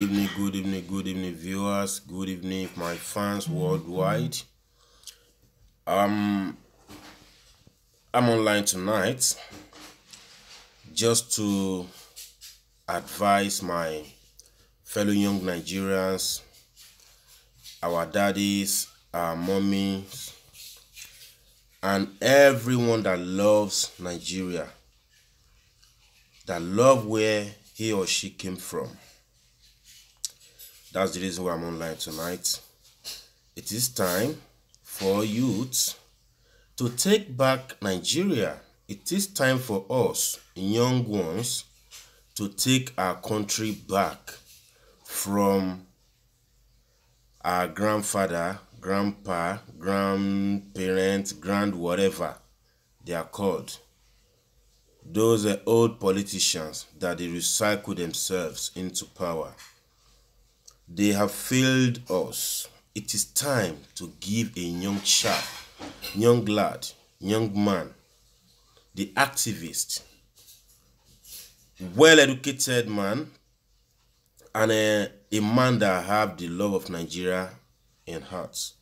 Good evening, good evening, good evening, viewers. Good evening, my fans worldwide. Um, I'm online tonight just to advise my fellow young Nigerians, our daddies, our mummies, and everyone that loves Nigeria, that love where he or she came from That's the reason why I'm online tonight. It is time for youths to take back Nigeria. It is time for us, young ones, to take our country back from our grandfather, grandpa, grandparents, grand whatever they are called. Those are old politicians that they recycle themselves into power. They have failed us. It is time to give a young chap, young lad, young man, the activist, well-educated man, and a, uh, a man that have the love of Nigeria in heart.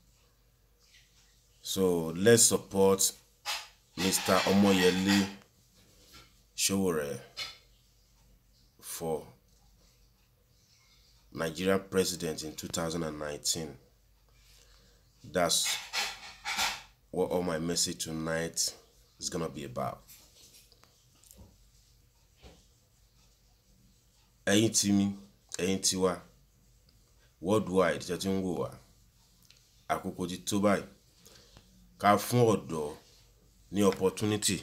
So let's support Mr. Omoyele Showore for Nigerian president in 2019. That's what all my message tonight is gonna be about. ẹ̀yin tí mi ẹ̀yin worldwide ṣe ti ń wò wá àkókò opportunity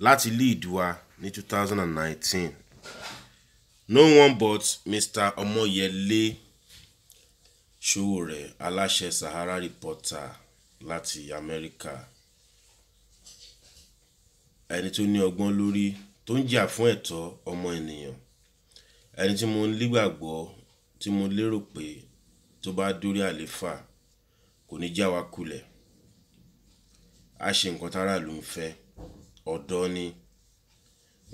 láti lead wa ni 2019 no one but mr omoyele sowore aláṣẹ sahara reporter láti amẹ́ríkà ẹni tó ní ọgbọ́n lórí tó ń jà fún ẹ̀tọ́ ọmọ ènìyàn ẹni tí mo nígbàgbọ́ tí mo lérò pé tó bá dórí àléfà kò ní já wa kulẹ̀ a ṣe nǹkan táráàlú ń fẹ́ ọ̀dọ́ ni. Fẹ́,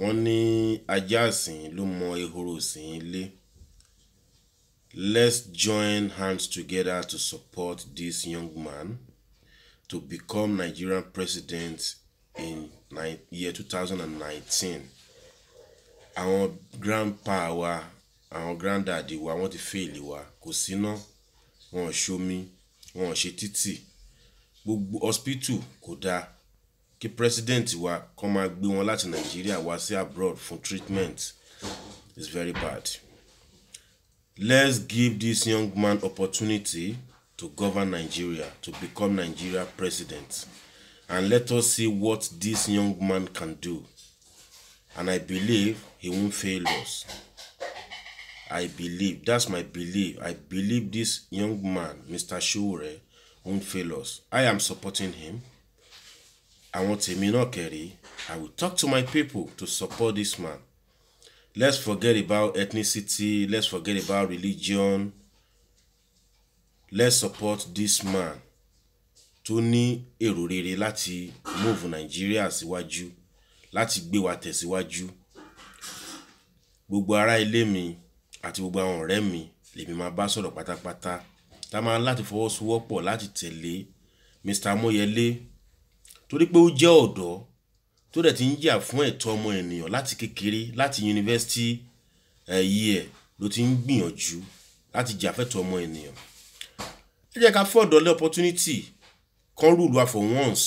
wọ́n ní ajá ìsìn ló mọ ehoro ìsìn ilé. Let's join hands together to support this young man to become Nigerian president in year 2019. Àwọn grandpa wa, àwọn granddaddy wa, wọ́n ti fail wa, kò síná, wọn ò ṣomi, wọn ò ṣe títì, gbogbo hospital kò dáa kí president wa kàn máa gbé wọn láti nàìjíríà wá sí abroad for treatment is very bad. Let's give this young man opportunity to govern Nigeria, to become Nigeria president. And let us see what this young man can do. And I believe he won't fail us. I believe, that's my belief. I believe this young man, Mr. Shure, won't fail us. I am supporting him àwọn tèmi náà kẹ̀rí I will talk to my people to support this man. Let's forget about ethnicity. Let's forget about religion. Let's support this man tó ní èrò rere láti move Nàìjíríà síwájú láti gbé wa tẹ̀síwájú. Gbogbo ará ilé mi àti gbogbo àwọn ọ̀rẹ́ mi lèmi máa bá sọ̀rọ̀ pátápátá. Tá máa láti fọwọ́sowọ́pọ̀ láti tẹ̀lé Mr. Moyele torí pé ó jẹ́ ọ̀dọ́ tó dẹ̀ ti ń jà fún ẹ̀tọ́ ọmọ ènìyàn láti kékeré láti yunifásitì ẹ̀yí ẹ̀ ló ti ń gbìyànjú láti jà fẹ́tọ́ ọmọ ènìyàn ẹ jẹ́ ká fún ọ̀dọ́ lé opportunity kan rúlu wa for once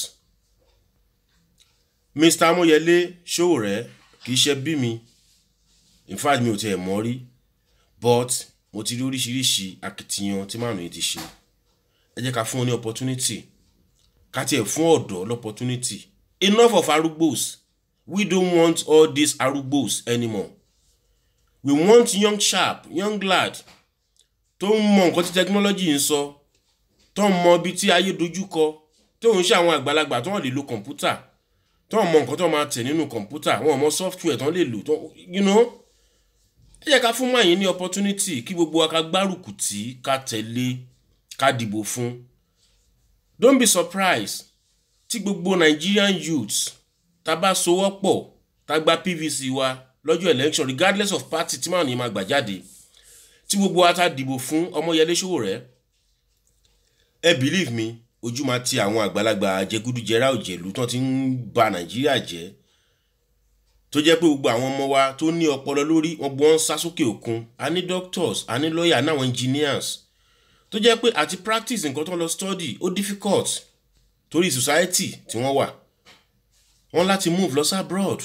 Mr. Amoyele Sowore kì í ṣe bí mi in fact mi ò tiẹ̀ mọ́ rí but mo ti rí oríṣiríṣi akitiyan tí màmí ti ṣe ẹ jẹ́ ká fún un ní opportunity káti ẹ̀ fún ọ̀dọ́ l'opportunity enough of arugbos we don't want all these arugbos anymore we want young sharp young lad tó ń mọ nǹkan tí technology ń sọ tó ń mọ ibi tí ayé dojú kọ tó ń ṣe àwọn àgbàlagbà tó ń lè lo kọ̀ǹpútà tó ń mọ nǹkan tó máa tẹ̀ nínú kọ̀ǹpútà wọn mọ software tó ń lè lò tó you know ẹ jẹ́ ká fún mọ̀ ní opportunity kí gbogbo wa ká gbárùkù tì ká tẹ̀lé ká dìbò fún don't be surprised tí gbogbo Nigerian youths tá bá sowọ́pọ̀ tá gba PVC wa lọ́jọ́ election regardless of party tí màá ní máa gbà jáde tí gbogbo wa ta dìbò fún Ọmọyẹlé Sowore ẹ believe me ojú máa ti àwọn àgbàlagbà jẹgúdújẹrá òjèlú tán ti ń ba Nàìjíríà jẹ́ tó jẹ́ pé gbogbo àwọn ọmọ wa tó ní ọpọlọ lórí wọn gbọ́n sá sókè òkun a ní doctors a ní lawyer a ní àwọn engineers tó jẹ́ pé àti practice nǹkan tó lọ study ó difficult torí society tí wọ́n wà wọ́n láti move lọ sí abroad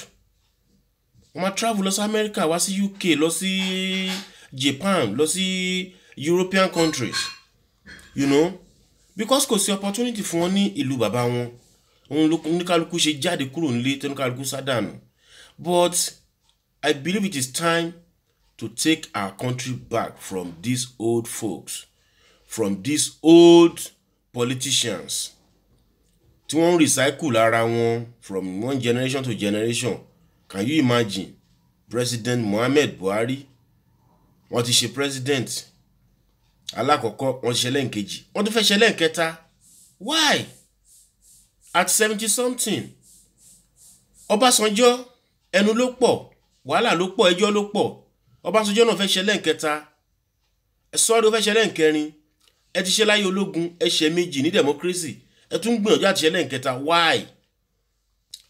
wọ́n máa travel lọ sí America wá sí UK lọ sí Japan lọ sí European countries you know because kò sí opportunity fún wọn ní ìlú bàbá wọn òun oníkálukú ṣe jáde kúrò nílé tó oníkálukú sádànù but I believe it is time to take our country back from these old folks from these old politicians tí wọ́n ń recycle lára wọn from one generation to generation can you imagine president Muhammad Buhari wọ́n ti ṣe president alákọ̀ọ́kọ́ wọ́n ti ṣe lẹ́ǹkejì wọ́n tún fẹ́ ṣe lẹ́ǹkẹta why at seventy something Ọbásanjọ́ ẹnu ló pọ̀ wàhálà ló pọ̀ ẹjọ́ ló pọ̀ Ọbásanjọ́ náà fẹ́ ṣe lẹ́ǹkẹta sọ́ọ́dún fẹ́ ṣe lẹ́ǹkẹrin ẹ ti ṣe láyé ológun ẹ ṣe méjì ní democracy ẹ tún gbìyànjú àti ṣe lẹ́ǹkẹta why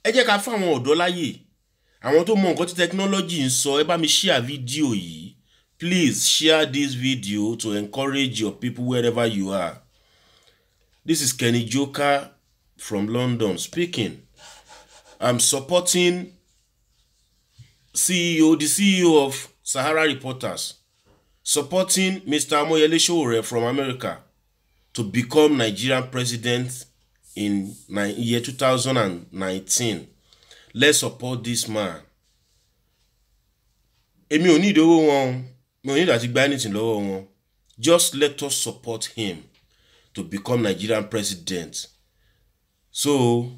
ẹ jẹ́ ká fún àwọn ọ̀dọ́ láyè àwọn tó mọ nǹkan tí technology ń sọ ẹ bá mi share fídíò yìí please share this video to encourage your people wherever you are this is Kenny Joka from London speaking I'm supporting CEO the CEO of Sahara Reporters supporting Mr. Amoyele Sowore from America to become Nigerian president in year 2019. Let's support this man. Emi ò ní ìdówó wọn, mi ò ní ìdàtí gba anything lọ́wọ́ wọn. Just let us support him to become Nigerian president. So,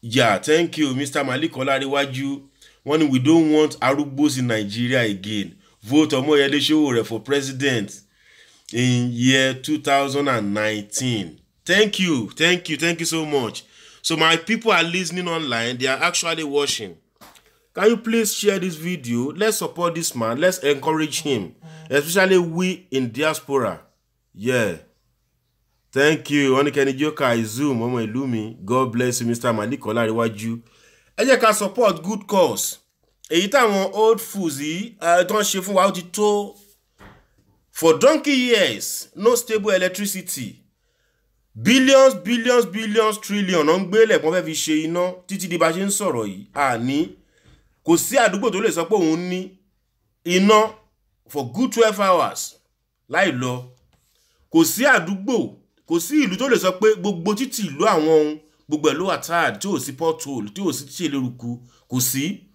yeah, thank you Mr. Malik Olarewaju. Wọ́n ní we don't want arúgbós in Nigeria again vote Omoyede Sowore for president in year 2019. Thank you, thank you, thank you so much. So my people are listening online, they are actually watching. Can you please share this video? Let's support this man, let's encourage him, especially we in diaspora. Yeah. Thank you, Onikeni Joka Izum, Omo ìlú God bless you, Mr. Malik Olariwaju. Ẹ jẹ́ ká support good cause èyí táwọn old fools yìí eh, tó ń ṣe fún wa ó ti tó for donkey years no stable electricity billions billions billions trillion ọ̀nà ń gbélé pọ́n fẹ́ fi ṣe iná títí di bá ṣe ń sọ̀rọ̀ yìí àní kò sí àdúgbò tó lè sọ pé òun ní iná for good twelve hours láì lọ kò sí àdúgbò kò sí ìlú tó lè sọ pé gbogbo títì ìlú àwọn ohun gbogbo ẹ̀ ló wà tired tí ò sí pothole tí ò sí tíṣe lérúkú kò sí. Si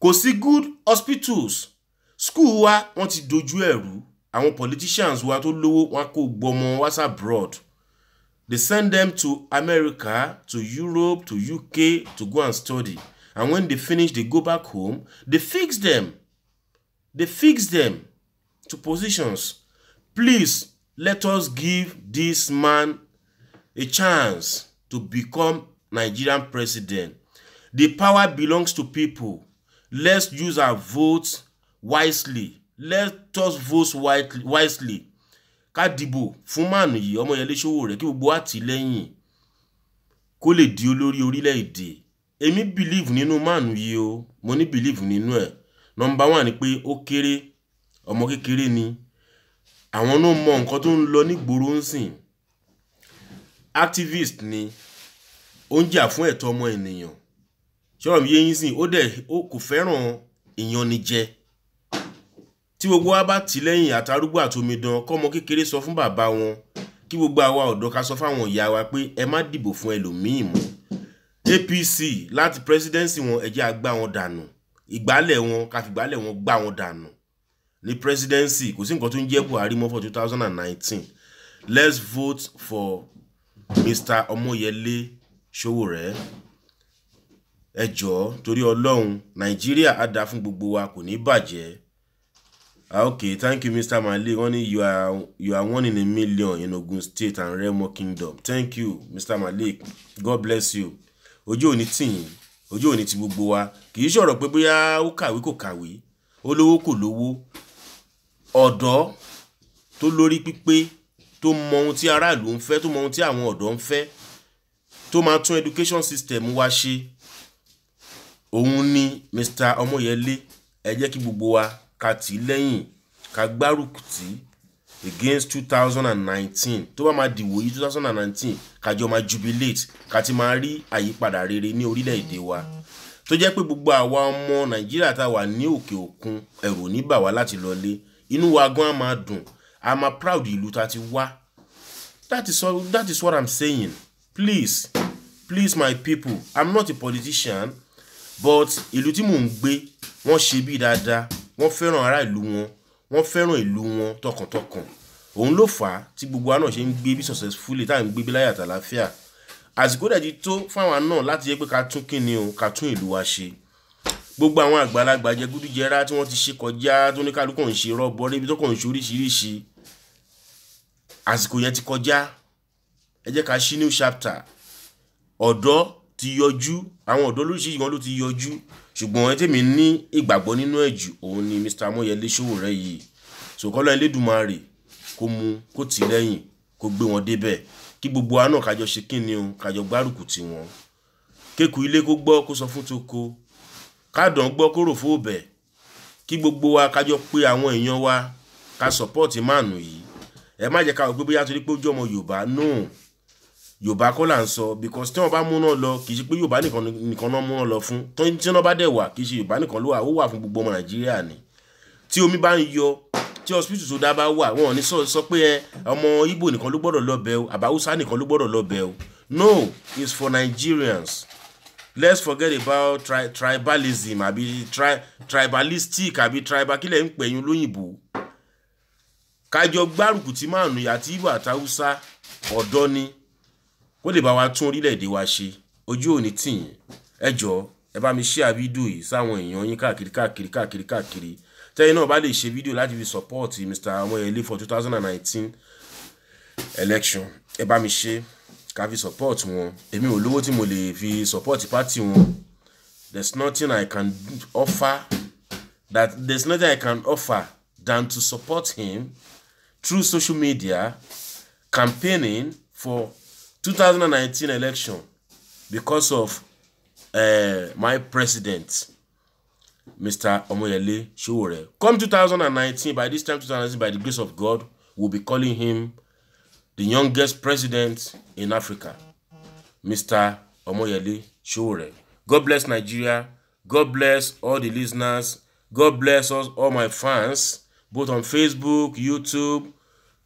kò sí good hospitals school wa wọ́n ti dojú ẹ̀rú àwọn politicians wa tó lówó wọn kò gbọmọ wáṣà abroad they send them to America to Europe to UK to go and study and when they finish they go back home they fix them they fix them to positions please let us give this man a chance to become Nigerian president the power belongs to people Let's use our votes wisely. Let us vote wisely. Ká dìbò fún Manu yìí Ọmọyẹlé Sowore kí gbogbo àtìlẹ́yìn kó lè di olórí orílẹ̀-èdè. Èmi believe nínú Manu yìí o, mo ní believe nínú ẹ̀. Nọmba one ni pé ó kéré, ọmọ kékeré ni. Àwọn náà mọ nǹkan tó ń lọ nígboro ń sìn. Activist ni, ó ń jà fún ẹ̀tọ́ ọmọ ènìyàn ṣọ́rọ̀ bí yẹn sìn ó dẹ̀ ó kò fẹ́ràn ìyanijẹ tí gbogbo wa bá tì lẹ́yìn àtàrúgbó àtomidan kọ́mọ kékeré sọ fún bàbá wọn kí gbogbo àwa ọ̀dọ́ ká sọ fáwọn ìyá wa pé ẹ má dìbò fún ẹlòmíì mọ́ APC láti presidency wọn ẹ jẹ́ á gbá wọn dànù ìgbálẹ̀ wọn ká fi ìgbálẹ̀ wọn gbá wọn dànù ní presidency kò sí nǹkan tó ń jẹ́ Buhari mọ́ for two thousand and nineteen let's vote for Mr. Omoyele Sowore ẹ jọ̀ọ́ torí ọlọ́run nàìjíríà á dáa fún gbogbo wa kò ní bàjẹ́ ah okay thank you mr male wọ́n ní you are you are one in a million in ogun state and remo kingdom thank you mr male god bless you ojú òní tìyìn ojú òní ti gbogbo wa kì í ṣọ̀rọ̀ pé bóyá ó kàwé kò kàwé ó lówó kò lówó ọ̀dọ́ tó lórí pípé tó mọ ohun tí aráàlú ń fẹ́ tó mọ ohun tí àwọn ọ̀dọ́ ń fẹ́ tó máa tún education system wa ṣe òun ni Mr Ọmọyẹlé ẹ jẹ́ kí gbogbo wa ká tì í lẹ́yìn ká gbárùkù against two thousand and nineteen tó bá máa dìwò yìí two thousand and nineteen kájọ máa jubilate ká ti máa rí àyípadà rere ní orílẹ̀-èdè wa tó jẹ́ pé gbogbo àwa ọmọ Nàìjíríà tá a wà ní òkè òkun ẹ̀rù ní bà wá láti lọlé inú wa gan a máa dùn a máa proud ìlú tá ti wá that is, all, that is what I'm saying please please my people I'm not a politician but ìlú tí mò ń gbé wọ́n ṣe bí dáadáa wọ́n fẹ́ràn ará ìlú wọn wọ́n fẹ́ràn ìlú wọn tọkàntọkàn òun ló fà á tí gbogbo wa náà ṣe ń gbé bí successfully tá à ń gbé bí láyà àtàláfíà àsìkò dẹ̀ ti tó fáwọn náà láti yẹ pé ká tún kíni o ká tún ìlú wa ṣe gbogbo àwọn àgbàlagbà jẹgúdújẹrá tí wọ́n ti ṣe kọjá tó ní kálukú ń ṣe rọ́bọ níbi tó kàn ń ṣe oríṣiríṣi àsìkò yẹn ti kọjá ẹ jẹ́ ká ṣí new chapter ọ̀dọ́ ti yọjú àwọn ọ̀dọ́ lóríṣiríṣi kan ló ti yọjú ṣùgbọ́n ẹ tèmi ní ìgbàgbọ́ nínú ẹ̀ jù òun ni Mr. Amoyele Sowore yìí sòkòlò Elédùmarè kó mú kó tì lẹ́yìn kó gbé wọn débẹ̀ kí gbogbo wa náà kájọ ṣe kí ni o kájọ gbárùkù tì wọ́n kéku ilé kó gbọ́ kó sọ fún toko kádàn gbọ́ kó rò fóòbẹ̀ kí gbogbo wa kájọ pé àwọn èèyàn wa ká sọpọ́ọ̀tì máàlù No yorùbá kọ́ là ń sọ because tí wọ́n bá múná lọ kì í ṣe pé yorùbá nìkan náà múná lọ fún tí wọ́n bá dẹ̀ wà kì í ṣe yorùbá nìkan ló wà ó wà fún gbogbo ọmọ nàìjíríà ni tí omi bá ń yọ tí hospital tó dá bá wà wọn ò ní sọ sọ pé ẹ ọmọ ibo nìkan ló gbọ́dọ̀ lọ bẹ o àbáwúsá nìkan ló gbọ́dọ̀ lọ bẹ o no it's for nigerians let's forget about tri tribalism àbí tri tribalistic àbí tribal kílẹ̀ ń pẹ̀yìn lóyìnbó kájọ gbárùkù tí márùn-ún àti ibo àtàwùsá ọ̀dọ́ ni wọ́n lè bá wa tún orílẹ̀-èdè wa ṣe ojú òní tìyìn ẹ jọ̀ọ́ ẹ bá mi share fídíò yìí sáwọn èèyàn yín káàkiri káàkiri káàkiri káàkiri tẹ́yìn náà bá lè ṣe fídíò láti fi support Mr. Omoyele for two thousand and nineteen election ẹ bá mi ṣe ká fi support wọn èmi ò lówó tí mo lè fi support party wọn there's nothing I can offer that there's nothing I can offer than to support him through social media campaigning for 2019 election because of uh, my president mr omoyele sowore come 2019 by this time 2019 by the grace of god we'll be calling him the youngest president in africa mr omoyele sowore god bless nigeria god bless all the listeners god bless us all my fans both on facebook youtube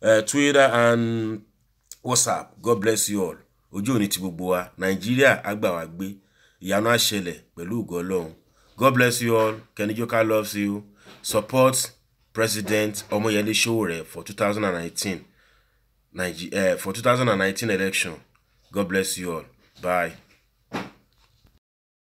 uh, twitter and whatsapp god bless you all ojú òní ti gbogbo wa nàìjíríà àgbàwá gbé ìyanu àṣẹlẹ̀ pẹ̀lú ògo ọlọ́run god bless you all kenny joka loves you support president ọmọyẹlé sowore for two thousand and nineteen eh, for two thousand and nineteen election god bless you all bye.